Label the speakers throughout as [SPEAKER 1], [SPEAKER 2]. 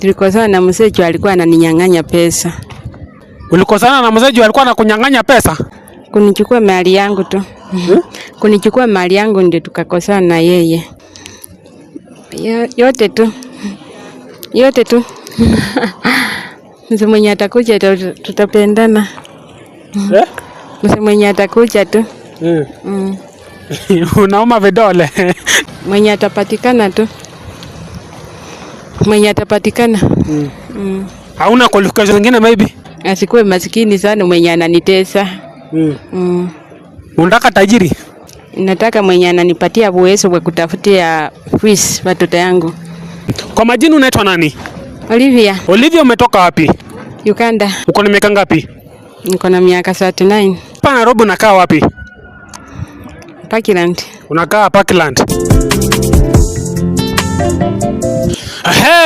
[SPEAKER 1] Tulikosana na mzee alikuwa ananinyang'anya pesa.
[SPEAKER 2] Ulikosana na mzee alikuwa anakunyang'anya pesa?
[SPEAKER 1] Kunichukua mali yangu tu. Hmm? Kunichukua mali yangu ndio tukakosana na yeye. Yote tu. Yote tu. Mzee mwenye atakuja tutapendana. Eh? Mzee mwenye atakuja tu.
[SPEAKER 2] Hmm. Unauma vidole.
[SPEAKER 1] Mwenye atapatikana tu mwenye atapatikana. mm.
[SPEAKER 2] Mm. Hauna qualification zingine maybe?
[SPEAKER 1] Asikuwe masikini sana mwenye ananitesa. mm.
[SPEAKER 2] Mm. Unataka tajiri?
[SPEAKER 1] Nataka mwenye ananipatia uwezo wa kutafutia fees watoto yangu.
[SPEAKER 2] Kwa majina unaitwa nani? Olivia. Olivia, umetoka wapi? Uganda. Uko na miaka ngapi?
[SPEAKER 1] Niko na miaka 39.
[SPEAKER 2] Hapa Nairobi unakaa wapi? Parkland. Unakaa Parkland.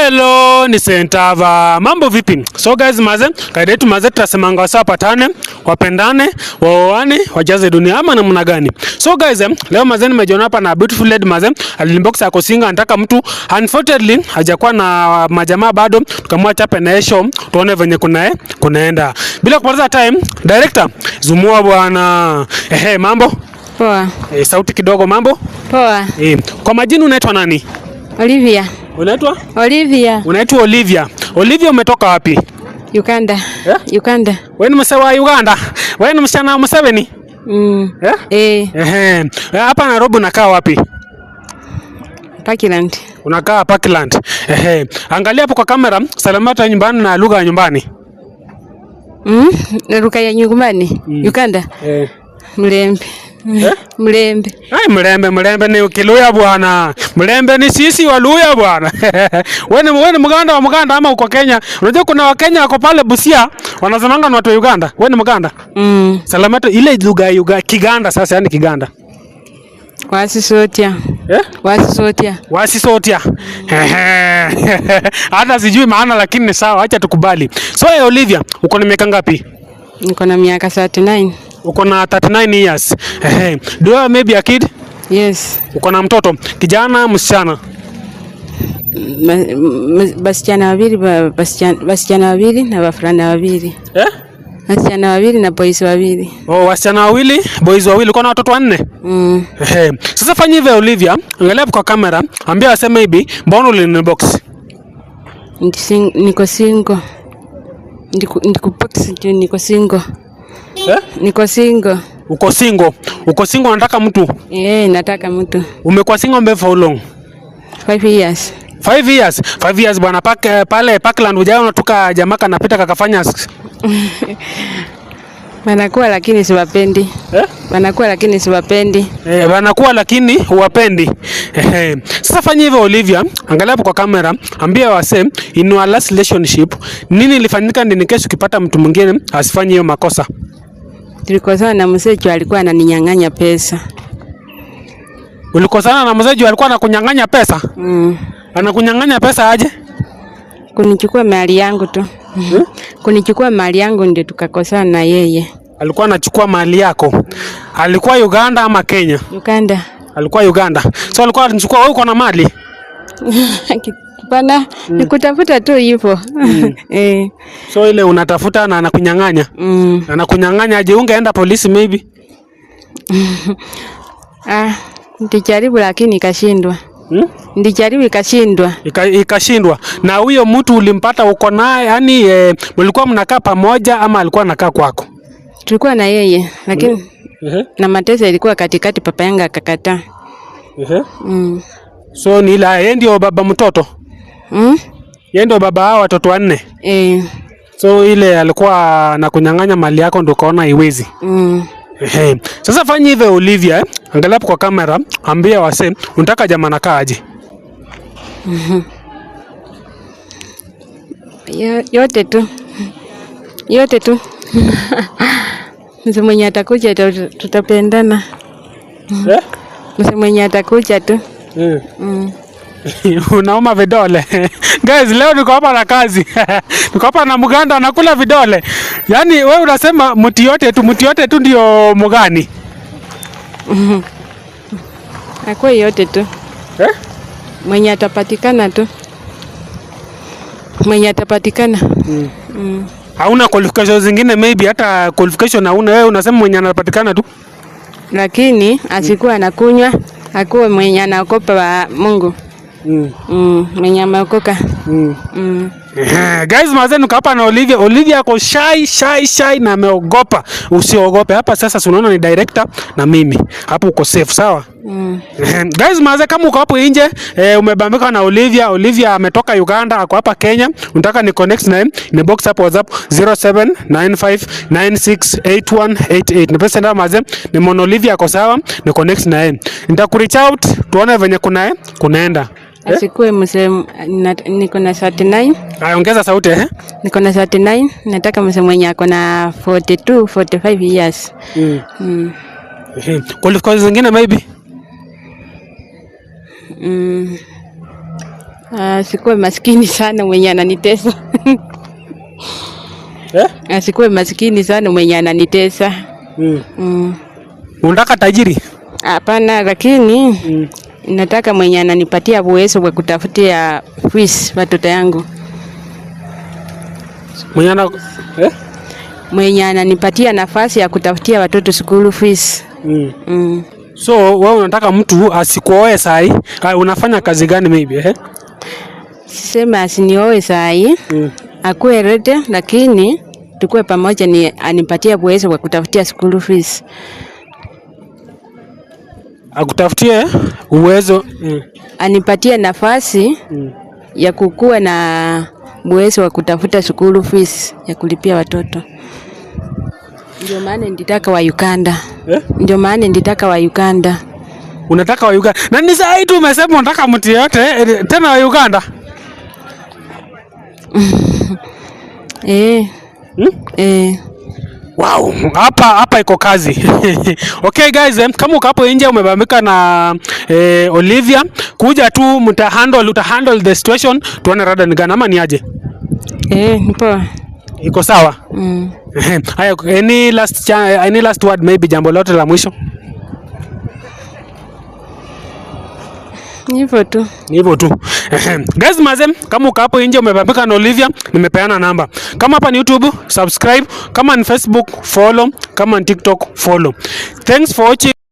[SPEAKER 2] Hello, ni Sentava. Mambo vipi? So guys, maze kaida yetu maze, tutasemanga wasa wasapatane, wapendane, waoane, wajaze dunia ama namna gani? So guys, leo maze nimejiona hapa na beautiful lady maze, alinbox ya kosinga anataka mtu. Unfortunately, hajakuwa na majamaa bado, tukamwacha pe na show, tuone venye kuna kunaenda. Bila kupoteza time, director, zumua bwana. Ehe, mambo? Poa. E, sauti kidogo mambo? Poa. Eh, kwa majina unaitwa nani? Olivia. Unaitwa?
[SPEAKER 1] Olivia.
[SPEAKER 2] Unaitwa Olivia. Olivia umetoka wapi? Uganda. Yeah? Uganda. Wewe ni msewa wa Uganda? Wewe ni msichana wa Museveni? Mm. Yeah? Eh. Ehe. Eh, hapa Nairobi unakaa wapi? Parkland. Unakaa Parkland. Ehe. Angalia hapo kwa kamera, salamata nyumbani na lugha ya nyumbani.
[SPEAKER 1] Mm, lugha ya nyumbani. Mm. Uganda. Eh. Mlembe. Eh? mlembe
[SPEAKER 2] ai mlembe mlembe ni Kiluya bwana, mlembe ni sisi Waluya bwana. Wewe wewe ni mganda wa mganda ama uko Kenya? Unajua kuna wa Kenya wako pale Busia wanasemanga na watu wa Uganda. Wewe ni mganda mm. Salamata ile lugha ya Kiganda, sasa yani Kiganda
[SPEAKER 1] wasisotia eh? wasisotia
[SPEAKER 2] wasisotia hata sijui maana, lakini ni sawa, acha tukubali. So hey, Olivia uko na miaka ngapi?
[SPEAKER 1] Niko na miaka 39
[SPEAKER 2] uko na 39 years. Eh, do you have maybe a kid? Yes. Uko na mtoto kijana msichana?
[SPEAKER 1] Basichana wawili, basichana wawili na wavulana wawili. Eh? Wasichana wawili na boys wawili.
[SPEAKER 2] Oh, wasichana wawili, boys wawili. Uko na watoto wanne? Mm. Hey. Sasa fanya hivi Olivia, angalia kwa kamera, ambia waseme hivi, mbona ulinibox?
[SPEAKER 1] Niko single. Ndiko box niko single. Eh? Niko single.
[SPEAKER 2] Uko single. Uko single unataka mtu?
[SPEAKER 1] Eh, nataka mtu.
[SPEAKER 2] Umekuwa single mbe for long?
[SPEAKER 1] 5 years.
[SPEAKER 2] 5 years. 5 years bwana pake eh, pale Parkland ujao unatoka jamaa kanapita kakafanya
[SPEAKER 1] Wanakuwa lakini siwapendi. Eh? Wanakuwa lakini siwapendi.
[SPEAKER 2] Eh, wanakuwa lakini huwapendi. Eh, sasa fanya hivyo Olivia, angalia kwa kamera, ambia wase in our last relationship nini ilifanyika ndio kesho ukipata mtu mwingine asifanye hiyo makosa.
[SPEAKER 1] Tulikosana na msechu, alikuwa ananinyang'anya pesa.
[SPEAKER 2] Ulikosana na msechu, alikuwa anakunyang'anya pesa? Mm. Anakunyang'anya pesa aje?
[SPEAKER 1] Kunichukua mali yangu tu. Hmm? Kunichukua mali yangu ndio tukakosana na yeye.
[SPEAKER 2] Alikuwa anachukua mali yako. Alikuwa Uganda ama Kenya? Uganda. Alikuwa Uganda. So alikuwa anachukua wewe uko na mali?
[SPEAKER 1] hapana, mm. nikutafuta tu hivyo mm. eh.
[SPEAKER 2] So ile unatafuta na anakunyang'anya mm. anakunyang'anya aje, ungeenda polisi maybe
[SPEAKER 1] ah, ndijaribu lakini ikashindwa Hmm? Ndijaribu ikashindwa.
[SPEAKER 2] Ika, ikashindwa. Na huyo mtu ulimpata uko naye yani, e, mlikuwa mnakaa pamoja ama alikuwa anakaa kwako?
[SPEAKER 1] Tulikuwa na yeye lakini mm. uh na mateso ilikuwa katikati, papa yangu akakataa. uh -huh. mm.
[SPEAKER 2] So ni ila yeye ndio baba mtoto Mm? Yeye ndio baba hao watoto wanne. Eh. So ile alikuwa anakunyang'anya mali yako ndio ukaona iwezi Mm. Ehe. Sasa fanya hivyo Olivia, eh? Angalia hapo kwa kamera, ambia wase unataka jamana kaaje.
[SPEAKER 1] Mhm. Yote tu. Yote tu. Mzee mwenye atakuja tutapendana. Eh? Mzee mwenye atakuja tu. Mm. Mm.
[SPEAKER 2] unauma vidole guys, leo niko hapa na kazi niko hapa na mganda anakula vidole. Yaani wewe unasema mti yote tu, mti yote tu ndio mgani?
[SPEAKER 1] Akwa yote tu eh? Mwenye atapatikana tu, mwenye atapatikana
[SPEAKER 2] mm. Mm. Hauna qualification zingine, maybe hata qualification hauna wewe, unasema mwenye anapatikana tu,
[SPEAKER 1] lakini asikuwa anakunywa, akuwe mwenye anaokopa wa Mungu Mm. Mm, mwenye ameokoka. Mm. Mm.
[SPEAKER 2] Eh, guys mazenu hapa na Olivia. Olivia ako shy shy shy na ameogopa. Usiogope. Hapa sasa unaona ni director na mimi. Hapo uko safe, sawa? Mm. Eh, guys maze kama uko hapo nje e, umebambika na Olivia. Olivia ametoka Uganda, ako hapa Kenya. Unataka ni connect naye. Ni box hapo WhatsApp 0795968188. Ni pesa ndio maze. Ni mon Olivia ako sawa. Ni connect naye. Nitakureach out tuone venye kunae kunaenda.
[SPEAKER 1] Eh? Asikuwe mzee, niko na 39.
[SPEAKER 2] Haya, sauti eh?
[SPEAKER 1] Niko na 39, nataka mzee mwenye ako na 42, 45 years. Mm. Mm.
[SPEAKER 2] Qualifications eh, zingine maybe?
[SPEAKER 1] Mm. Asikuwe ah, maskini sana mwenye ananitesa. Eh? Asikuwe ah, maskini sana mwenye ananitesa. Mm. Mm.
[SPEAKER 2] Unataka tajiri?
[SPEAKER 1] Hapana, lakini mm nataka mwenye ananipatia uwezo wa kutafutia fees watoto yangu
[SPEAKER 2] mwenye ana, eh?
[SPEAKER 1] mwenye ananipatia nafasi ya kutafutia watoto school fees mm. Mm.
[SPEAKER 2] So wewe unataka mtu asikuoe sai, unafanya kazi gani maybe eh?
[SPEAKER 1] Sema asinioe sai mm. Akuwe rete lakini tukue pamoja, ni anipatia uwezo wa kutafutia school fees
[SPEAKER 2] akutafutie uwezo
[SPEAKER 1] mm. anipatie nafasi mm. ya kukua na uwezo wa kutafuta shukuru fees ya kulipia watoto. Ndio maana nditaka wa Uganda eh? Ndio maana nditaka wa Uganda.
[SPEAKER 2] Unataka wa Uganda na ni saa hii tu umesema unataka mtu yote eh, tena wa Uganda
[SPEAKER 1] eh. Mm? Eh.
[SPEAKER 2] Wow, hapa hapa iko kazi. Okay guys, eh, kama uko hapo nje umebambika na eh, Olivia, kuja tu mta handle uta handle the situation, tuone rada ni gani ama ni aje.
[SPEAKER 1] Eh, nipo. Iko sawa? Mm.
[SPEAKER 2] Haya, any last any last word maybe jambo lote la mwisho. Hivyo tu. Hivyo tu. Guys mazem, kama uko hapo nje umepambika na Olivia, nimepeana namba. Kama hapa ni YouTube, subscribe. Kama ni Facebook, follow. Kama ni TikTok, follow. Thanks for watching.